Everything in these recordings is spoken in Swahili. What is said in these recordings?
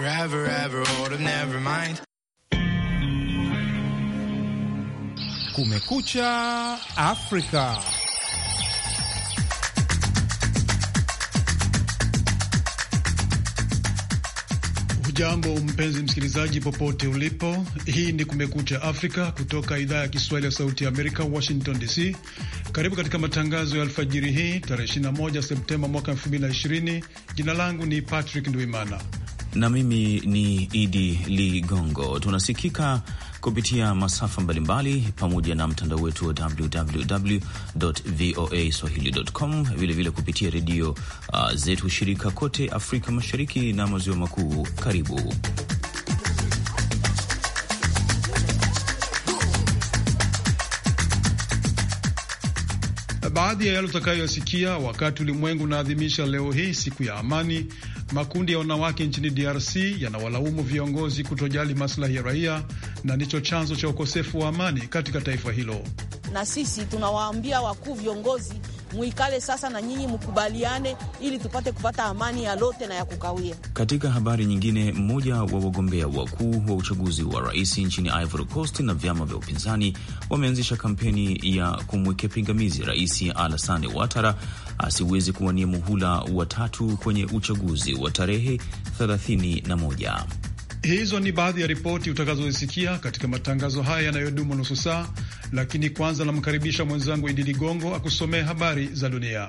forever, ever, or never mind. Kumekucha Africa. Jambo mpenzi msikilizaji, popote ulipo. Hii ni Kumekucha Afrika kutoka idhaa ya Kiswahili ya Sauti ya Amerika, Washington DC. Karibu katika matangazo ya alfajiri hii tarehe 21 Septemba mwaka 2020. Jina langu ni Patrick Ndwimana na mimi ni Idi Ligongo. Tunasikika kupitia masafa mbalimbali pamoja na mtandao wetu wa www voa swahili.com, vilevile kupitia redio uh, zetu shirika kote Afrika Mashariki na Maziwa Makuu. Karibu. Baadhi ya yale utakayoyasikia wakati ulimwengu unaadhimisha leo hii siku ya amani. Makundi ya wanawake nchini DRC yanawalaumu viongozi kutojali maslahi ya raia na ndicho chanzo cha ukosefu wa amani katika taifa hilo. Na sisi tunawaambia wakuu viongozi muikale sasa na nyinyi mkubaliane, ili tupate kupata amani ya lote na ya kukawia. Katika habari nyingine, mmoja wa wagombea wakuu wa uchaguzi wa rais nchini Ivory Coast na vyama vya upinzani wameanzisha kampeni ya kumweke pingamizi Rais Alassane Ouattara asiwezi kuwania muhula wa tatu kwenye uchaguzi wa tarehe 31. Hizo ni baadhi ya ripoti utakazozisikia katika matangazo haya yanayodumu nusu saa, lakini kwanza namkaribisha mwenzangu Idi Ligongo akusomee habari za dunia.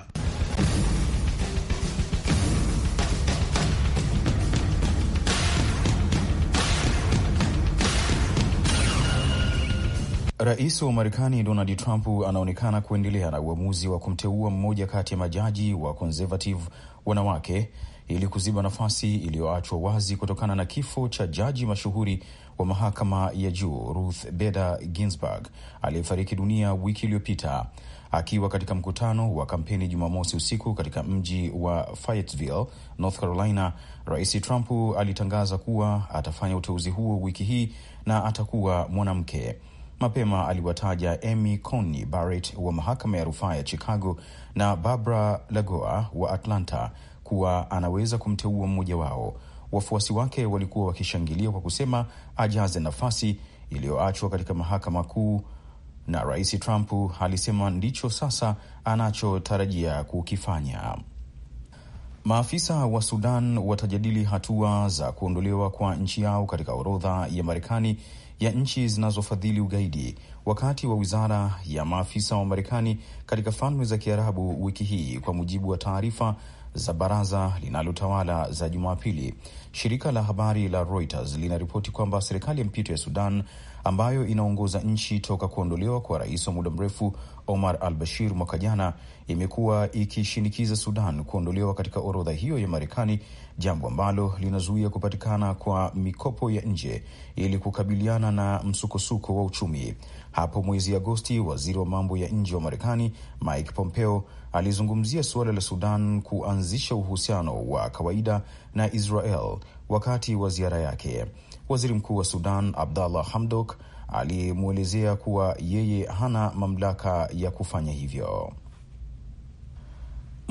Rais wa Marekani Donald Trump anaonekana kuendelea na uamuzi wa kumteua mmoja kati ya majaji wa conservative wanawake ili kuziba nafasi iliyoachwa wazi kutokana na kifo cha jaji mashuhuri wa mahakama ya juu Ruth Bader Ginsburg aliyefariki dunia wiki iliyopita. Akiwa katika mkutano wa kampeni Jumamosi usiku katika mji wa Fayetteville, North Carolina, Rais Trump alitangaza kuwa atafanya uteuzi huo wiki hii na atakuwa mwanamke. Mapema aliwataja Amy Coney Barrett wa mahakama ya rufaa ya Chicago na Barbara Lagoa wa Atlanta kuwa anaweza kumteua mmoja wao. Wafuasi wake walikuwa wakishangilia kwa kusema ajaze nafasi iliyoachwa katika mahakama kuu, na Rais Trump alisema ndicho sasa anachotarajia kukifanya. Maafisa wa Sudan watajadili hatua za kuondolewa kwa nchi yao katika orodha ya Marekani ya nchi zinazofadhili ugaidi wakati wa wizara ya maafisa wa Marekani katika Falme za Kiarabu wiki hii, kwa mujibu wa taarifa za baraza linalotawala za Jumapili, shirika la habari la Reuters linaripoti kwamba serikali ya mpito ya Sudan ambayo inaongoza nchi toka kuondolewa kwa rais wa muda mrefu Omar al Bashir mwaka jana imekuwa ikishinikiza Sudan kuondolewa katika orodha hiyo ya Marekani, jambo ambalo linazuia kupatikana kwa mikopo ya nje ili kukabiliana na msukosuko wa uchumi. Hapo mwezi Agosti, waziri wa mambo ya nje wa Marekani Mike Pompeo alizungumzia suala la Sudan kuanzisha uhusiano wa kawaida na Israel wakati wa ziara yake. Waziri mkuu wa Sudan Abdallah Hamdok alimwelezea kuwa yeye hana mamlaka ya kufanya hivyo.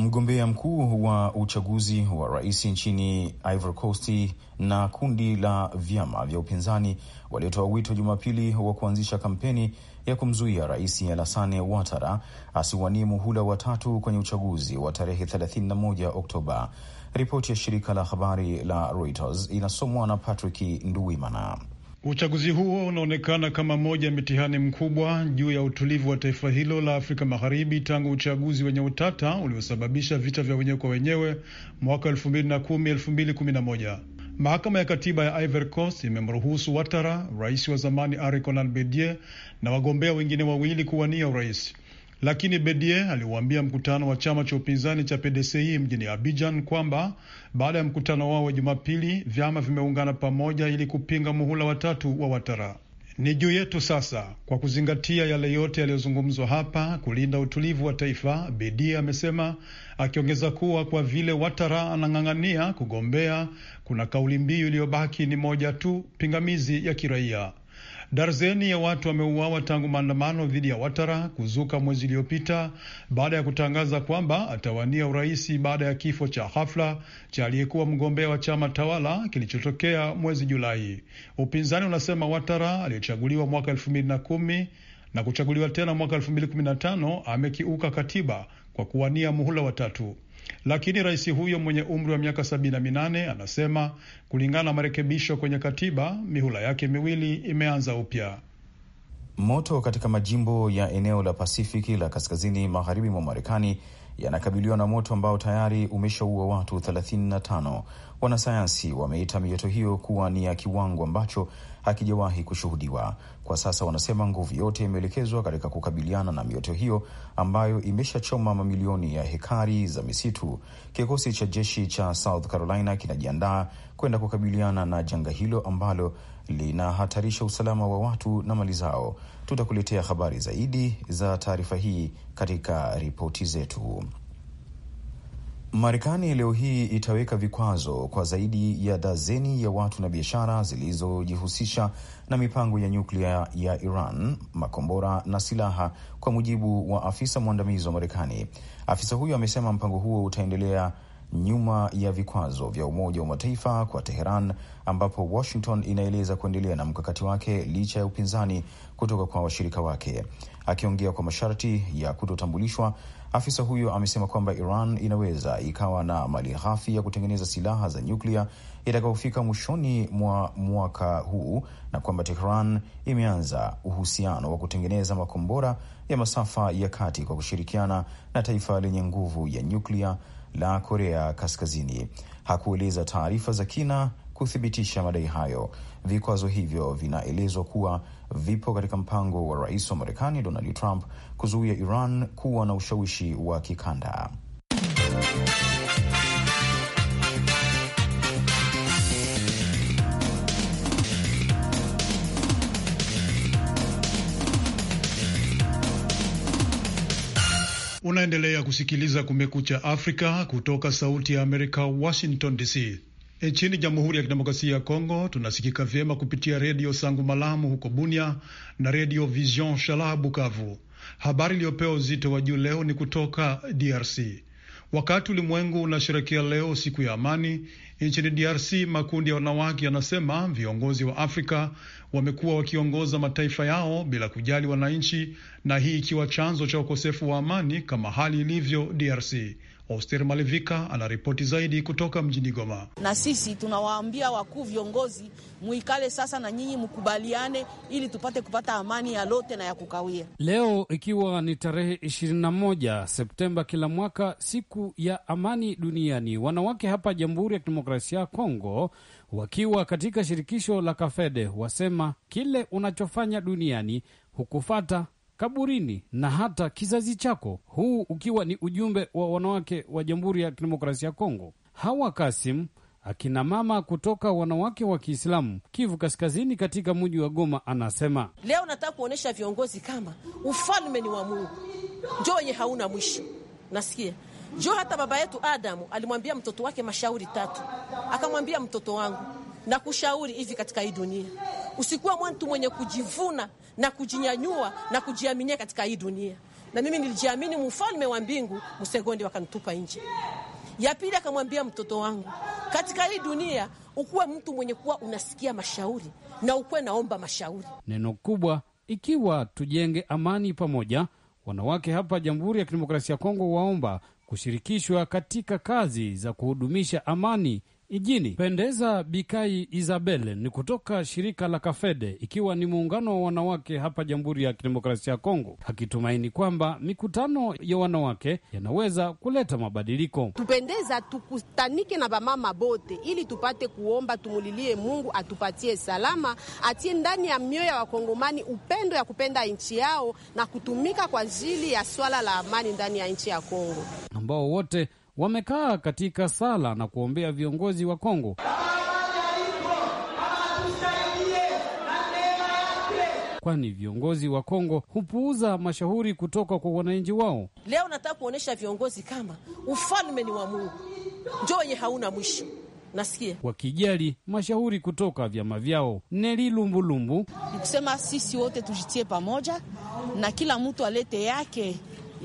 Mgombea mkuu wa uchaguzi wa rais nchini Ivory Coast na kundi la vyama vya upinzani waliotoa wito Jumapili wa kuanzisha kampeni ya kumzuia Rais Alassane Ouattara asiwanie muhula watatu kwenye uchaguzi wa tarehe 31 Oktoba. Ripoti ya shirika la habari la Reuters inasomwa na Patrick Nduwimana. Uchaguzi huo unaonekana kama moja ya mitihani mkubwa juu ya utulivu wa taifa hilo la Afrika Magharibi tangu uchaguzi wenye utata uliosababisha vita vya wenyewe kwa wenyewe mwaka 2010, 2011. Mahakama ya katiba ya Ivory Coast imemruhusu Watara, rais wa zamani Ari Konan Bedie na wagombea wengine wawili kuwania urais lakini Bedier aliwaambia mkutano wa chama cha upinzani cha PDCI mjini Abidjan kwamba baada ya mkutano wao wa Jumapili, vyama vimeungana pamoja ili kupinga muhula watatu wa Watara. Ni juu yetu sasa, kwa kuzingatia yale yote yaliyozungumzwa hapa, kulinda utulivu wa taifa, Bedier amesema, akiongeza kuwa kwa vile Watara anang'ang'ania kugombea, kuna kauli mbiu iliyobaki ni moja tu, pingamizi ya kiraia. Darzeni ya watu wameuawa tangu maandamano dhidi ya Watara kuzuka mwezi uliopita baada ya kutangaza kwamba atawania uraisi baada ya kifo cha hafla cha aliyekuwa mgombea wa chama tawala kilichotokea mwezi Julai. Upinzani unasema Watara aliyechaguliwa mwaka elfu mbili na kumi na kuchaguliwa tena mwaka elfu mbili kumi na tano amekiuka katiba kwa kuwania muhula watatu lakini rais huyo mwenye umri wa miaka sabini na minane anasema kulingana na marekebisho kwenye katiba mihula yake miwili imeanza upya. Moto katika majimbo ya eneo la Pasifiki la kaskazini magharibi mwa Marekani yanakabiliwa na moto ambao tayari umeshaua watu 35. Wanasayansi wameita mioto hiyo kuwa ni ya kiwango ambacho hakijawahi kushuhudiwa. Kwa sasa wanasema nguvu yote imeelekezwa katika kukabiliana na mioto hiyo ambayo imeshachoma mamilioni ya hekari za misitu. Kikosi cha jeshi cha South Carolina kinajiandaa kwenda kukabiliana na janga hilo ambalo linahatarisha usalama wa watu na mali zao. Tutakuletea habari zaidi za taarifa hii katika ripoti zetu. Marekani leo hii itaweka vikwazo kwa zaidi ya dazeni ya watu na biashara zilizojihusisha na mipango ya nyuklia ya Iran, makombora na silaha, kwa mujibu wa afisa mwandamizi wa Marekani. Afisa huyo amesema mpango huo utaendelea nyuma ya vikwazo vya Umoja wa Mataifa kwa Teheran, ambapo Washington inaeleza kuendelea na mkakati wake licha ya upinzani kutoka kwa washirika wake. Akiongea kwa masharti ya kutotambulishwa, Afisa huyo amesema kwamba Iran inaweza ikawa na mali ghafi ya kutengeneza silaha za nyuklia itakayofika mwishoni mwa mwaka huu na kwamba Tehran imeanza uhusiano wa kutengeneza makombora ya masafa ya kati kwa kushirikiana na taifa lenye nguvu ya nyuklia la Korea Kaskazini. Hakueleza taarifa za kina kuthibitisha madai hayo. Vikwazo hivyo vinaelezwa kuwa vipo katika mpango wa rais wa Marekani Donald Trump kuzuia Iran kuwa na ushawishi wa kikanda. Unaendelea kusikiliza Kumekucha Afrika kutoka Sauti ya Amerika, Washington DC. Nchini Jamhuri ya Kidemokrasia ya Kongo tunasikika vyema kupitia redio Sangu Malamu huko Bunia na redio Vision Shala Bukavu. Habari iliyopewa uzito wa juu leo ni kutoka DRC. Wakati ulimwengu unasherekea leo siku ya amani, nchini DRC makundi ya wanawake yanasema viongozi wa Afrika wamekuwa wakiongoza mataifa yao bila kujali wananchi, na hii ikiwa chanzo cha ukosefu wa amani kama hali ilivyo DRC. Oster Malevika anaripoti zaidi kutoka mjini Goma. Na sisi tunawaambia wakuu viongozi, muikale sasa na nyinyi mkubaliane, ili tupate kupata amani ya lote na ya kukawia. Leo ikiwa ni tarehe 21 Septemba kila mwaka, siku ya amani duniani, wanawake hapa Jamhuri ya Kidemokrasia ya Kongo wakiwa katika shirikisho la Kafede wasema kile unachofanya duniani hukufata kaburini na hata kizazi chako, huu ukiwa ni ujumbe wa wanawake wa Jamhuri ya Kidemokrasia ya Kongo. Hawa Kasim, akina mama kutoka wanawake wa Kiislamu Kivu Kaskazini katika mji wa Goma, anasema leo nataka kuonyesha viongozi kama ufalme ni wa Mungu, njo wenye hauna mwisho. Nasikia njo hata baba yetu Adamu alimwambia mtoto wake mashauri tatu, akamwambia mtoto wangu na kushauri hivi katika hii dunia, usikuwa mtu mwenye kujivuna na kujinyanyua na kujiaminia katika hii dunia. Na mimi nilijiamini mfalme wa mbingu, msegondi wakanitupa nje. Ya pili akamwambia mtoto wangu, katika hii dunia ukuwe mtu mwenye kuwa unasikia mashauri na ukuwe naomba mashauri. Neno kubwa ikiwa tujenge amani pamoja. Wanawake hapa Jamhuri ya Kidemokrasia ya Kongo waomba kushirikishwa katika kazi za kuhudumisha amani Ijini pendeza Bikai Isabel ni kutoka shirika la Kafede, ikiwa ni muungano wa wanawake hapa Jamhuri ya Kidemokrasia ya Kongo, akitumaini kwamba mikutano ya wanawake yanaweza kuleta mabadiliko. Tupendeza tukutanike na vamama bote, ili tupate kuomba, tumulilie Mungu atupatie salama, atie ndani ya mioyo ya wakongomani upendo ya kupenda nchi yao na kutumika kwa ajili ya swala la amani ndani ya nchi ya Kongo, ambao wote wamekaa katika sala na kuombea viongozi wa Kongo. Kwani viongozi wa Kongo hupuuza mashauri kutoka kwa wananchi wao. Leo nataka kuonyesha viongozi kama ufalme ni wa Mungu, njo wenye hauna mwisho. Nasikia wakijali mashauri kutoka vyama vyao. Neli Lumbulumbu ni kusema sisi wote tujitie pamoja na kila mtu alete yake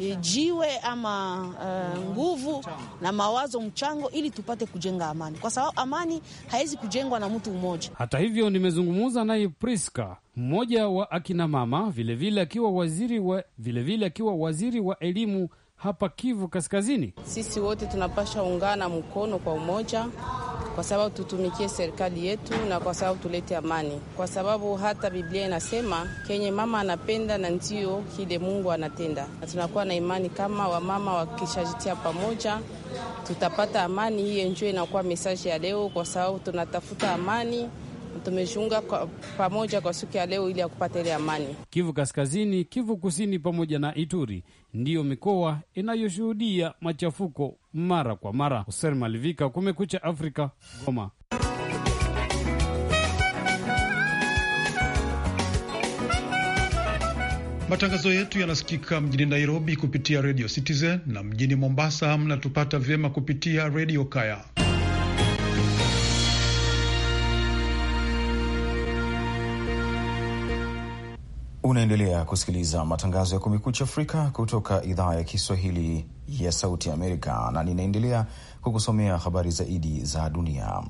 Eh, jiwe ama uh, nguvu na mawazo, mchango, ili tupate kujenga amani, kwa sababu amani haiwezi kujengwa na mtu mmoja. Hata hivyo, nimezungumza naye Priska, mmoja wa akina mama, vilevile akiwa waziri wa vilevile akiwa waziri wa elimu hapa Kivu Kaskazini. Sisi wote tunapasha ungana mkono kwa umoja, kwa sababu tutumikie serikali yetu na kwa sababu tulete amani, kwa sababu hata Biblia inasema kenye mama anapenda na ndio kile Mungu anatenda, na tunakuwa na imani kama wamama wakishajitia pamoja tutapata amani. Hiyo ndio inakuwa mesaji ya leo, kwa sababu tunatafuta amani tumejiunga pamoja kwa siku ya leo ili ya kupata ile amani. Kivu Kaskazini, Kivu Kusini pamoja na Ituri ndiyo mikoa inayoshuhudia machafuko mara kwa mara. Hussein Malivika, Kumekucha Afrika, Goma. Matangazo yetu yanasikika mjini Nairobi kupitia redio Citizen na mjini Mombasa mnatupata vyema kupitia redio Kaya. Unaendelea kusikiliza matangazo ya Kumekucha Afrika kutoka idhaa ya Kiswahili ya Sauti Amerika, na ninaendelea kukusomea habari zaidi za dunia.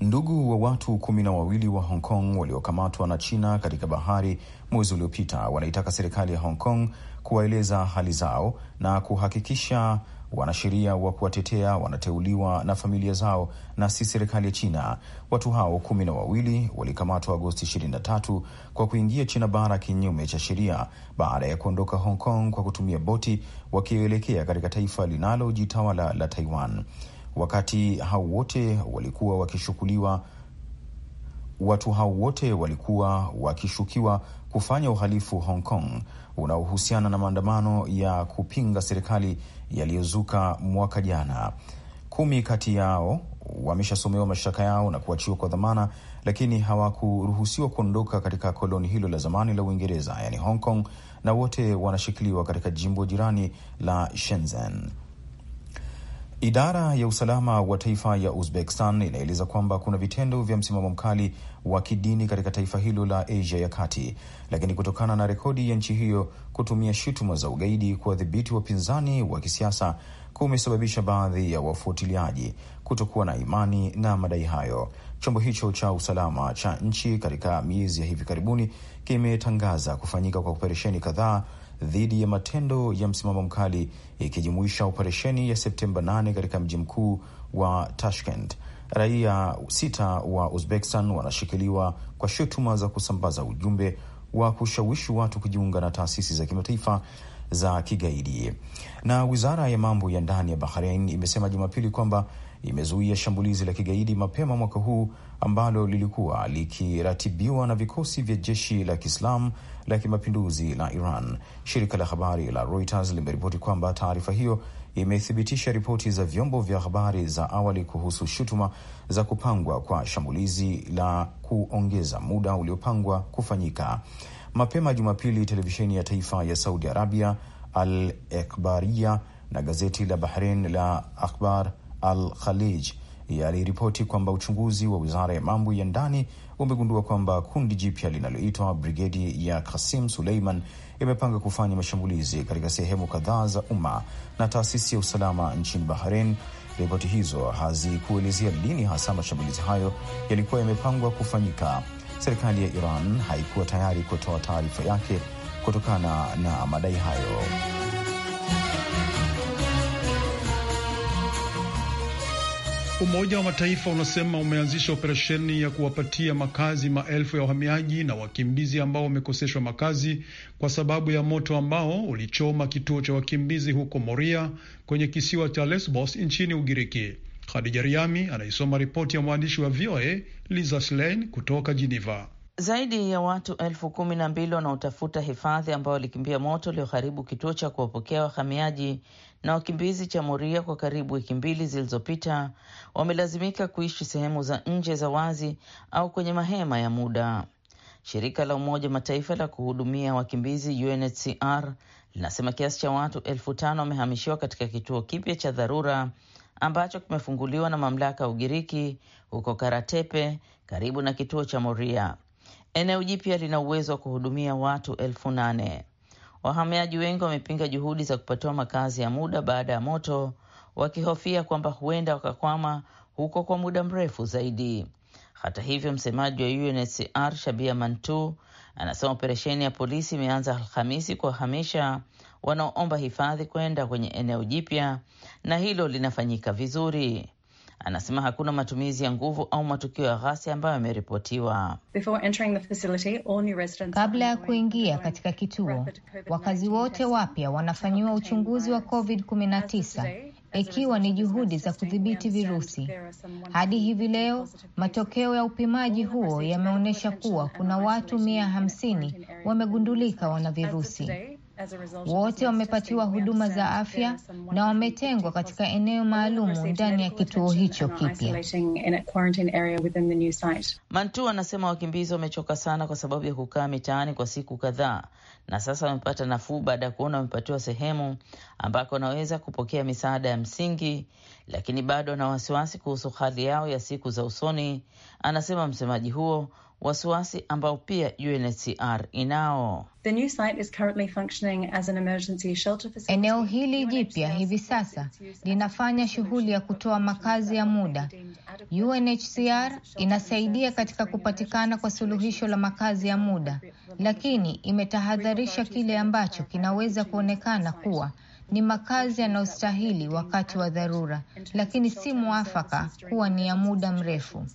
Ndugu wa watu kumi na wawili wa Hong Kong waliokamatwa na China katika bahari mwezi uliopita wanaitaka serikali ya Hong Kong kuwaeleza hali zao na kuhakikisha Wanasheria wa kuwatetea wanateuliwa na familia zao na si serikali ya China. Watu hao kumi na wawili walikamatwa Agosti 23 kwa kuingia China bara kinyume cha sheria baada ya kuondoka Hong Kong kwa kutumia boti wakielekea katika taifa linalojitawala la Taiwan. Wakati hao wote walikuwa wakishukuliwa watu hao wote walikuwa wakishukiwa kufanya uhalifu Hong Kong unaohusiana na maandamano ya kupinga serikali yaliyozuka mwaka jana. Kumi kati yao wameshasomewa mashtaka yao na kuachiwa kwa dhamana, lakini hawakuruhusiwa kuondoka katika koloni hilo la zamani la Uingereza, yani Hong Kong, na wote wanashikiliwa katika jimbo jirani la Shenzhen. Idara ya usalama wa taifa ya Uzbekistan inaeleza kwamba kuna vitendo vya msimamo mkali wa kidini katika taifa hilo la Asia ya Kati, lakini kutokana na rekodi ya nchi hiyo kutumia shutuma za ugaidi kuwadhibiti wapinzani wa kisiasa kumesababisha baadhi ya wafuatiliaji kutokuwa na imani na madai hayo. Chombo hicho cha usalama cha nchi katika miezi ya hivi karibuni kimetangaza kufanyika kwa operesheni kadhaa dhidi ya matendo ya msimamo mkali ikijumuisha operesheni ya Septemba 8 katika mji mkuu wa Tashkent. Raia sita wa Uzbekistan wanashikiliwa kwa shutuma za kusambaza ujumbe wa kushawishi watu kujiunga na taasisi za kimataifa za kigaidi. Na wizara ya mambo ya ndani ya Bahrain imesema Jumapili kwamba imezuia shambulizi la kigaidi mapema mwaka huu ambalo lilikuwa likiratibiwa na vikosi vya jeshi la Kiislamu la kimapinduzi la Iran. Shirika la habari la Reuters limeripoti kwamba taarifa hiyo imethibitisha ripoti za vyombo vya habari za awali kuhusu shutuma za kupangwa kwa shambulizi la kuongeza muda uliopangwa kufanyika. Mapema Jumapili, televisheni ya taifa ya Saudi Arabia Al Ekbaria na gazeti la Bahrain la Akhbar Al-Khalij yaliripoti kwamba uchunguzi wa wizara ya mambo ya ndani umegundua kwamba kundi jipya linaloitwa Brigedi ya Kasim Suleiman imepanga kufanya mashambulizi katika sehemu kadhaa za umma na taasisi ya usalama nchini Bahrain. Ripoti hizo hazikuelezea lini hasa mashambulizi hayo yalikuwa yamepangwa kufanyika. Serikali ya Iran haikuwa tayari kutoa taarifa yake kutokana na madai hayo. Umoja wa Mataifa unasema umeanzisha operesheni ya kuwapatia makazi maelfu ya wahamiaji na wakimbizi ambao wamekoseshwa makazi kwa sababu ya moto ambao ulichoma kituo cha wakimbizi huko Moria kwenye kisiwa cha Lesbos nchini Ugiriki. Khadija Riami anaisoma ripoti ya mwandishi wa VOA Lisa Schlein kutoka Geneva. Zaidi ya watu elfu kumi na mbili wanaotafuta hifadhi ambao walikimbia moto ulioharibu kituo cha kuwapokea wahamiaji na wakimbizi cha Moria kwa karibu wiki mbili zilizopita wamelazimika kuishi sehemu za nje za wazi au kwenye mahema ya muda. Shirika la Umoja Mataifa la kuhudumia wakimbizi UNHCR linasema kiasi cha watu elfu tano wamehamishiwa katika kituo kipya cha dharura ambacho kimefunguliwa na mamlaka ya Ugiriki huko Karatepe karibu na kituo cha Moria. Eneo jipya lina uwezo wa kuhudumia watu elfu nane. Wahamiaji wengi wamepinga juhudi za kupatiwa makazi ya muda baada ya moto, wakihofia kwamba huenda wakakwama huko kwa muda mrefu zaidi. Hata hivyo, msemaji wa UNHCR Shabia Mantu anasema operesheni ya polisi imeanza Alhamisi kuwahamisha wanaoomba hifadhi kwenda kwenye eneo jipya, na hilo linafanyika vizuri anasema hakuna matumizi ya nguvu au matukio ya ghasia ambayo yameripotiwa. Kabla ya kuingia katika kituo, wakazi wote wapya wanafanyiwa uchunguzi wa COVID-19 ikiwa ni juhudi za kudhibiti virusi. Hadi hivi leo, matokeo ya upimaji huo yameonyesha kuwa kuna watu mia hamsini wamegundulika wana virusi. Wote wamepatiwa huduma za afya na wametengwa katika eneo maalum ndani ya kituo hicho kipya. Mantu anasema wakimbizi wamechoka sana kwa sababu ya kukaa mitaani kwa siku kadhaa, na sasa wamepata nafuu baada ya kuona wamepatiwa sehemu ambako wanaweza kupokea misaada ya msingi lakini bado ana wasiwasi kuhusu hali yao ya siku za usoni, anasema msemaji huo, wasiwasi ambao pia UNHCR inao. Eneo hili jipya hivi sasa linafanya shughuli ya kutoa makazi ya muda. UNHCR inasaidia katika kupatikana kwa suluhisho la makazi ya muda, lakini imetahadharisha kile ambacho kinaweza kuonekana kuwa ni makazi yanayostahili wakati wa dharura, lakini si mwafaka kuwa ni ya muda mrefu.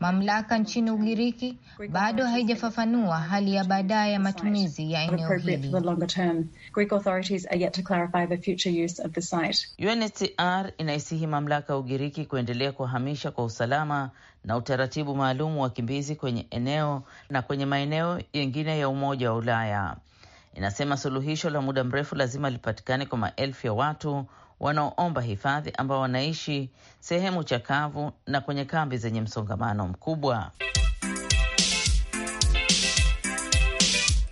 Mamlaka nchini Ugiriki bado haijafafanua hali ya baadaye ya matumizi ya eneo hili. UNHCR inaisihi mamlaka ya Ugiriki kuendelea kuhamisha kwa usalama na utaratibu maalum wa wakimbizi kwenye eneo na kwenye maeneo yengine ya Umoja wa Ulaya inasema suluhisho la muda mrefu lazima lipatikane kwa maelfu ya watu wanaoomba hifadhi ambao wanaishi sehemu chakavu na kwenye kambi zenye msongamano mkubwa.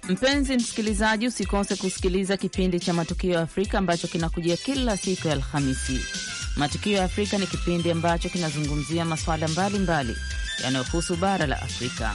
Mpenzi msikilizaji, usikose kusikiliza kipindi cha Matukio ya Afrika ambacho kinakujia kila siku ya Alhamisi. Matukio ya Afrika ni kipindi ambacho kinazungumzia masuala mbalimbali yanayohusu bara la Afrika.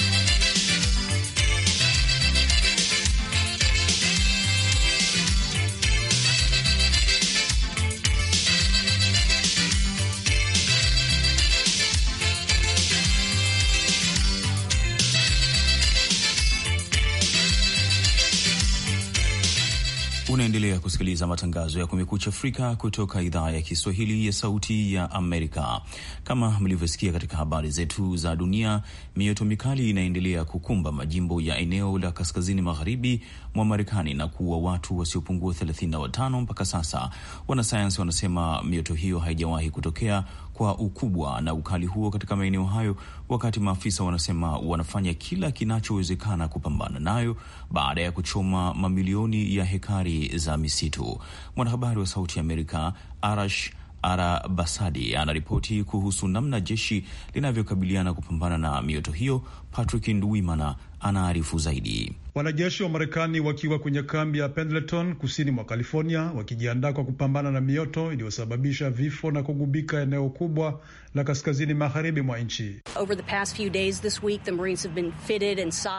Unaendelea kusikiliza matangazo ya Kumekucha Afrika kutoka idhaa ya Kiswahili ya Sauti ya Amerika. Kama mlivyosikia katika habari zetu za dunia, mioto mikali inaendelea kukumba majimbo ya eneo la kaskazini magharibi mwa Marekani na kuua watu wasiopungua 35 mpaka sasa. Wanasayansi wanasema mioto hiyo haijawahi kutokea kwa ukubwa na ukali huo katika maeneo hayo, wakati maafisa wanasema wanafanya kila kinachowezekana kupambana nayo baada ya kuchoma mamilioni ya hekari za misitu. Mwanahabari wa Sauti ya Amerika Arash Arabasadi anaripoti kuhusu namna jeshi linavyokabiliana kupambana na mioto hiyo Patrick Nduimana anaarifu zaidi. Wanajeshi wa Marekani wakiwa kwenye kambi ya Pendleton kusini mwa California wakijiandaa kwa kupambana na mioto iliyosababisha vifo na kugubika eneo kubwa la kaskazini magharibi mwa nchi.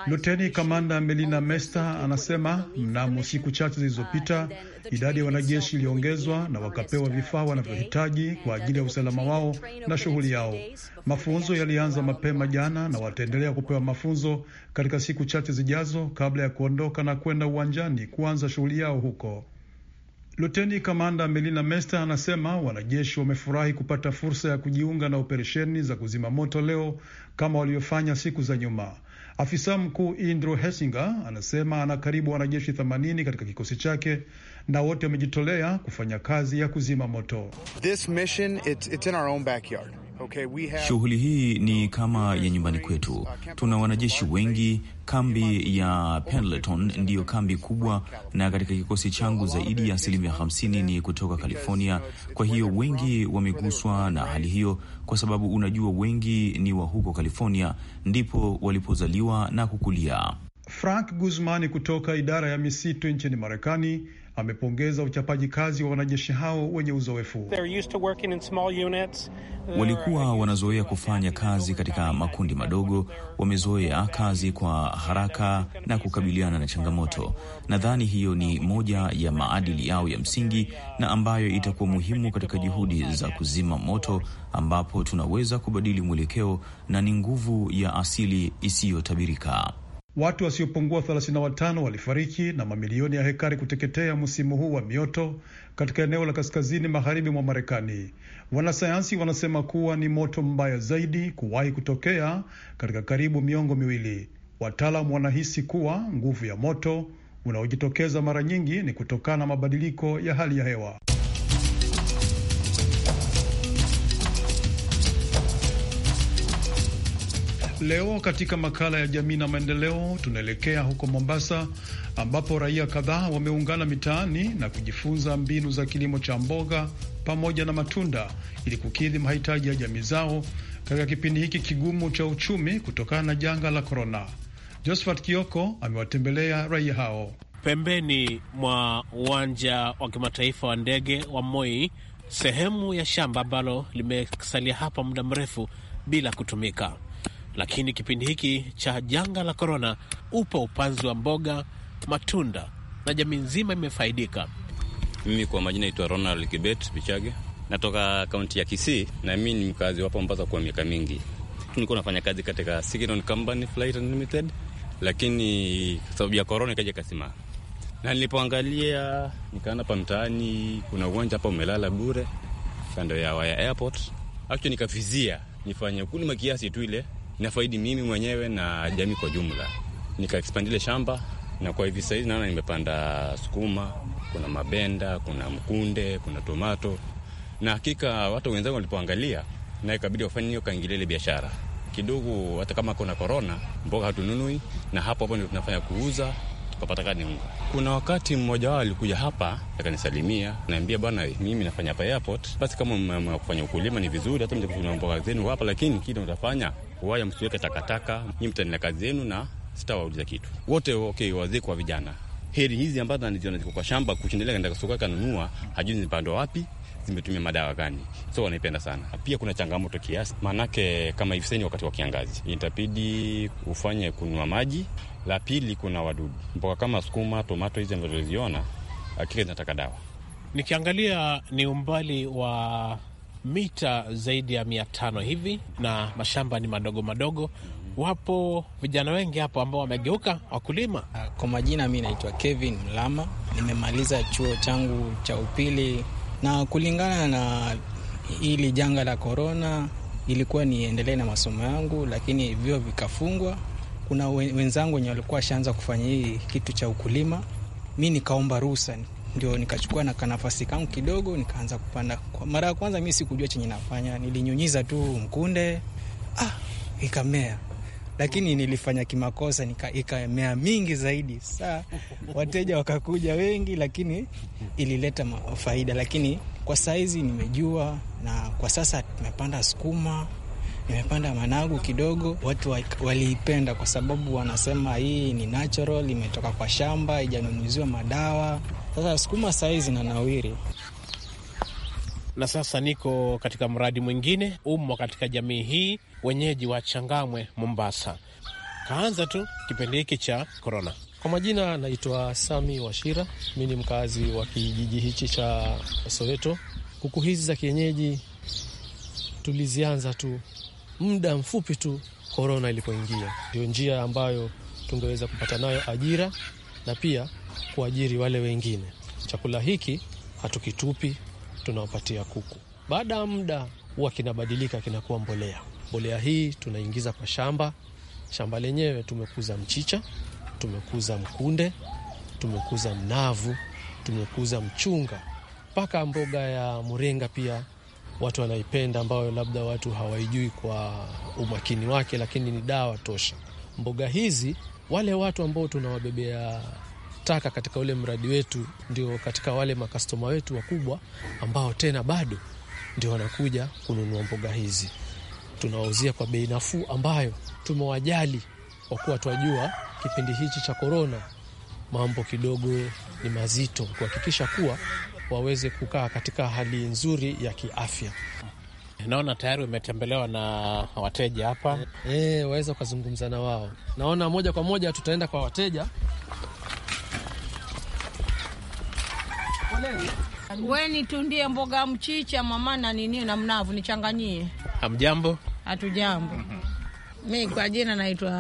Luteni kamanda Melina Mesta anasema mnamo siku chache zilizopita idadi ya wanajeshi iliongezwa na wakapewa vifaa wanavyohitaji kwa ajili ya usalama wao na shughuli yao. Mafunzo yalianza mapema jana na wataendelea kupewa mafunzo katika siku chache zijazo kabla ya kuondoka na kwenda uwanjani kuanza shughuli yao huko. Luteni Kamanda Melina mester anasema wanajeshi wamefurahi kupata fursa ya kujiunga na operesheni za kuzima moto leo kama walivyofanya siku za nyuma. Afisa mkuu Indro Hesinger anasema ana karibu wanajeshi 80 katika kikosi chake na wote wamejitolea kufanya kazi ya kuzima moto. This mission, it's, it's in our own backyard. Okay, have... shughuli hii ni kama ya nyumbani kwetu. Tuna wanajeshi wengi. Kambi ya Pendleton ndiyo kambi kubwa, na katika kikosi changu zaidi ya asilimia 50 ni kutoka California. Kwa hiyo wengi wameguswa na hali hiyo, kwa sababu unajua, wengi ni wa huko California, ndipo walipozaliwa na kukulia. Frank Guzman kutoka idara ya misitu nchini Marekani amepongeza uchapaji kazi wa wanajeshi hao wenye uzoefu. Walikuwa wanazoea kufanya kazi katika makundi madogo, wamezoea kazi kwa haraka na kukabiliana na changamoto. Nadhani hiyo ni moja ya maadili yao ya msingi na ambayo itakuwa muhimu katika juhudi za kuzima moto, ambapo tunaweza kubadili mwelekeo na ni nguvu ya asili isiyotabirika. Watu wasiopungua 35 walifariki na mamilioni ya hekari kuteketea msimu huu wa mioto katika eneo la kaskazini magharibi mwa Marekani. Wanasayansi wanasema kuwa ni moto mbaya zaidi kuwahi kutokea katika karibu miongo miwili. Wataalamu wanahisi kuwa nguvu ya moto unaojitokeza mara nyingi ni kutokana na mabadiliko ya hali ya hewa. Leo katika makala ya jamii na maendeleo, tunaelekea huko Mombasa ambapo raia kadhaa wameungana mitaani na kujifunza mbinu za kilimo cha mboga pamoja na matunda ili kukidhi mahitaji ya jamii zao katika kipindi hiki kigumu cha uchumi kutokana na janga la korona. Josephat Kioko amewatembelea raia hao pembeni mwa uwanja wa kimataifa wa ndege wa Moi, sehemu ya shamba ambalo limesalia hapa muda mrefu bila kutumika lakini kipindi hiki cha janga la korona, upo upanzi wa mboga, matunda na jamii nzima imefaidika. Mimi kwa majina naitwa Ronald Kibet Bichage, natoka kaunti ya Kisii na mimi ni mkazi wapo Mombasa kwa miaka mingi. Nilikuwa nafanya kazi katika Sikiron Company Flight Limited, lakini sababu ya korona ikaja ikasimama, na nilipoangalia nikaona hapa mtaani kuna uwanja hapa umelala bure kando ya Waya Airport, acho nikavizia nifanye ukulima kiasi tu ile inafaidi mimi mwenyewe na jamii kwa jumla. Nikaexpandile shamba na kwa hivi sahizi naona nimepanda sukuma, kuna mabenda, kuna mkunde, kuna tomato, na hakika watu wenzangu walipoangalia, na ikabidi wafanye hiyo kaingilele biashara kidogo. Hata kama kuna korona, mboga hatununui, na hapo hapo ndio tunafanya kuuza tukapata kadi unga. Kuna wakati mmoja wao alikuja hapa akanisalimia, naambia bwana, mimi nafanya hapa airport, basi kama kufanya ukulima ni vizuri, hata mje kuna mboga zenu hapa, lakini kile utafanya waya, msiweke takataka, nyi mtaendelea kazi yenu na sitawauliza kitu wote. Okay, wazee kwa vijana, heri hizi ambazo anaziona ziko kwa shamba, kuchendelea kaenda sokoni kanunua, hajui zimepandwa wapi, zimetumia madawa gani, so wanaipenda sana. Pia kuna changamoto kiasi, maanake kama hivi sasa wakati wa kiangazi itabidi ufanye kunywa maji. La pili, kuna wadudu, mboga kama sukuma, tomato hizi ambazo ziona hakika zinataka dawa. Nikiangalia ni umbali wa mita zaidi ya mia tano hivi, na mashamba ni madogo madogo. Wapo vijana wengi hapo ambao wamegeuka wakulima. Kwa majina, mi naitwa Kevin Mlama, nimemaliza chuo changu cha upili, na kulingana na hili janga la korona, ilikuwa niendelee na masomo yangu, lakini vyuo vikafungwa. Kuna wenzangu wenye walikuwa washaanza kufanya hii kitu cha ukulima, mi nikaomba ruhusa ndio nikachukua na kanafasi kangu kidogo, nikaanza kupanda. Kwa mara ya kwanza mi sikujua chenye nafanya, nilinyunyiza tu mkunde, ah, ikamea lakini nilifanya kimakosa, ikamea mingi zaidi. Saa wateja wakakuja wengi, lakini ilileta faida. Lakini kwa saizi nimejua, na kwa sasa nimepanda sukuma, nimepanda managu kidogo. Watu waliipenda kwa sababu wanasema hii ni natural, imetoka kwa shamba, ijanunuziwa madawa. Sasa sukuma sahizi na zinanawiri. Na sasa niko katika mradi mwingine umo katika jamii hii, wenyeji wa Changamwe, Mombasa. Kaanza tu kipindi hiki cha korona. Kwa majina naitwa Sami Washira, mi ni mkazi wa kijiji hichi cha Soweto. Kuku hizi za kienyeji tulizianza tu muda mfupi tu korona ilipoingia, ndio njia ambayo tungeweza kupata nayo ajira na pia kuajiri wale wengine. Chakula hiki hatukitupi, tunawapatia kuku. Baada ya muda huwa kinabadilika, kinakuwa mbolea. Mbolea hii tunaingiza kwa shamba. Shamba lenyewe tumekuza mchicha, tumekuza mkunde, tumekuza mnavu, tumekuza mchunga, mpaka mboga ya murenga pia watu wanaipenda, ambayo labda watu hawaijui kwa umakini wake, lakini ni dawa tosha. Mboga hizi wale watu ambao tunawabebea tunataka katika ule mradi wetu, ndio katika wale makastoma wetu wakubwa ambao tena bado ndio wanakuja kununua mboga hizi, tunawauzia kwa bei nafuu ambayo tumewajali kwa kuwa twajua kipindi hichi cha korona mambo kidogo ni mazito, kuhakikisha kuwa waweze kukaa katika hali nzuri ya kiafya. Naona tayari umetembelewa na wateja hapa e, waweza ukazungumza na wao. Naona moja kwa moja tutaenda kwa wateja We nitundie mboga mchicha mama na nini na mnavu nichanganyie. Hamjambo? Hatujambo. Mhm. Mi kwa jina naitwa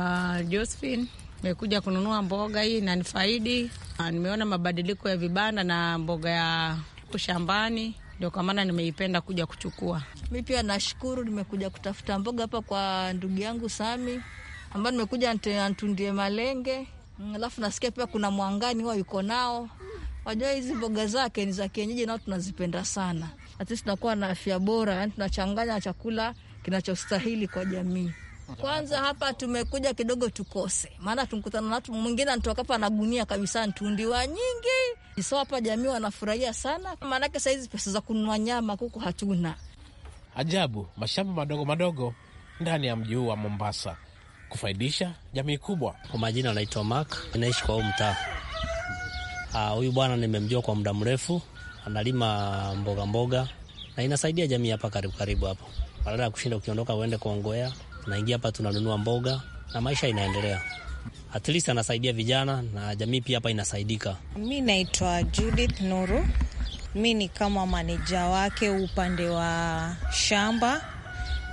Josephine. Nimekuja kununua mboga hii na nifaidi. Nimeona mabadiliko ya vibanda na mboga ya shambani ndio kwa maana nimeipenda kuja kuchukua. Mi pia nashukuru, nimekuja kutafuta mboga hapa kwa ndugu yangu Sami ambayo nimekuja antundie malenge, mm, alafu nasikia pia kuna mwangani huwa yuko nao Wajua hizi mboga zake ni za kienyeji, nao tunazipenda sana, na sisi tunakuwa na afya bora, yani tunachanganya chakula kinachostahili kwa jamii. Kwanza hapa tumekuja kidogo tukose, maana tumkutana na mtu mwingine anatokapa na gunia kabisa, ntundiwa nyingi. So hapa jamii wanafurahia sana, maanake sahizi pesa za kununua nyama kuku hatuna. Ajabu, mashamba madogo madogo ndani ya mji huu wa Mombasa kufaidisha jamii kubwa. Kwa majina anaitwa Mak, anaishi kwa huu mtaa Ah, huyu uh, bwana nimemjua kwa muda mrefu, analima mboga mboga na inasaidia jamii hapa karibu karibu hapo. badala ya kushinda ukiondoka uende kuongoea, tunaingia hapa tunanunua mboga na maisha inaendelea. At least anasaidia vijana na jamii pia hapa inasaidika. Mi naitwa Judith Nuru, mi ni kama maneja wake upande wa shamba,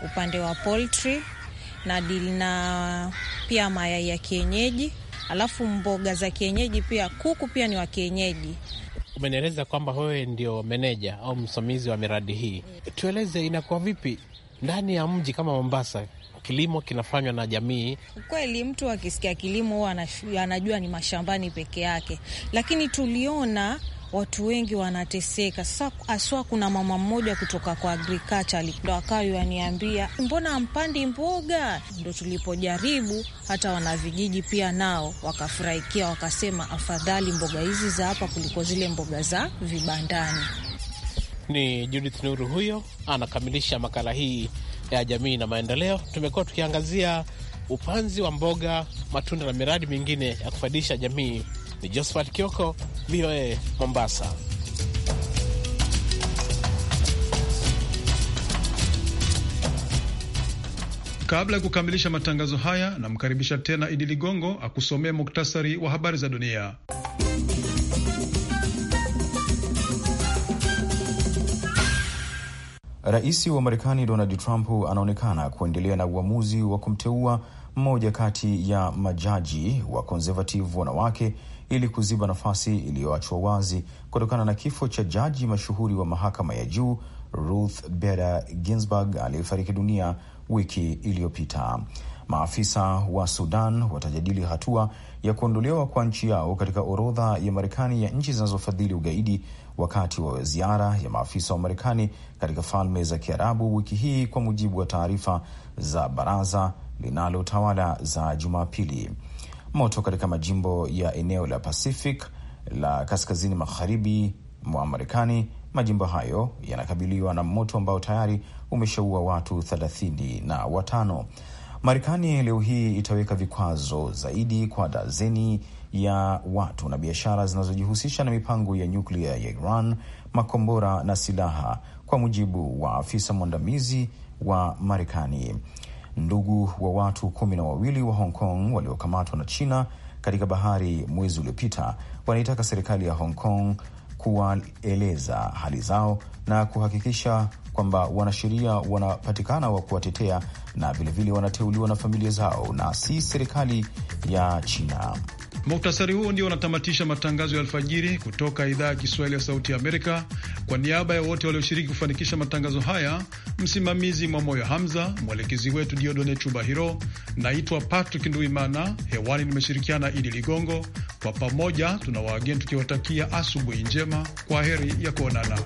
upande wa poultry na dili na pia mayai ya kienyeji alafu mboga za kienyeji pia, kuku pia ni wa kienyeji. Umenieleza kwamba wewe ndio meneja au msimamizi wa miradi hii, tueleze inakuwa vipi ndani ya mji kama Mombasa? Kilimo kinafanywa na jamii. Kweli, mtu akisikia kilimo huwa anajua ni mashambani peke yake, lakini tuliona watu wengi wanateseka. Sasa aswa, kuna mama mmoja kutoka kwa agriculture ndo akawa yaniambia, mbona mpandi mboga? Ndo tulipojaribu hata wanavijiji pia nao wakafurahikia, wakasema afadhali mboga hizi za hapa kuliko zile mboga za vibandani. Ni Judith Nuru huyo anakamilisha makala hii ya jamii na maendeleo. Tumekuwa tukiangazia upanzi wa mboga, matunda na miradi mingine ya kufaidisha jamii ni Josephat Kioko, VOA Mombasa. Kabla ya kukamilisha matangazo haya, namkaribisha tena Idi Ligongo akusomee muktasari wa habari za dunia. Rais wa Marekani Donald Trump anaonekana kuendelea na uamuzi wa kumteua mmoja kati ya majaji wa konservative wanawake ili kuziba nafasi iliyoachwa wazi kutokana na kifo cha jaji mashuhuri wa mahakama ya juu Ruth Bader Ginsburg aliyefariki dunia wiki iliyopita. Maafisa wa Sudan watajadili hatua ya kuondolewa kwa nchi yao katika orodha ya Marekani ya nchi zinazofadhili ugaidi wakati wa ziara ya maafisa wa Marekani katika Falme za Kiarabu wiki hii, kwa mujibu wa taarifa za baraza linalotawala za Jumapili. Moto katika majimbo ya eneo la Pacific la kaskazini magharibi mwa Marekani. Majimbo hayo yanakabiliwa na moto ambao tayari umeshaua watu thelathini na watano. Marekani leo hii itaweka vikwazo zaidi kwa dazeni ya watu na biashara zinazojihusisha na mipango ya nyuklia ya Iran, makombora na silaha, kwa mujibu wa afisa mwandamizi wa Marekani ndugu wa watu kumi na wawili wa Hong Kong waliokamatwa na China katika bahari mwezi uliopita wanaitaka serikali ya Hong Kong kuwaeleza hali zao na kuhakikisha kwamba wanasheria wanapatikana wa kuwatetea na vilevile wanateuliwa na familia zao na si serikali ya China. Muktasari huu ndio unatamatisha matangazo ya alfajiri kutoka idhaa ya Kiswahili ya Sauti ya Amerika. Kwa niaba ya wote walioshiriki kufanikisha matangazo haya, msimamizi moyo Hamza, mwelekezi wetu Diodone Chubahiro. Naitwa Patrick Nduimana, hewani nimeshirikiana Idi Ligongo. Kwa pamoja tuna waageni tukiwatakia asubuhi njema, kwa heri ya kuonana.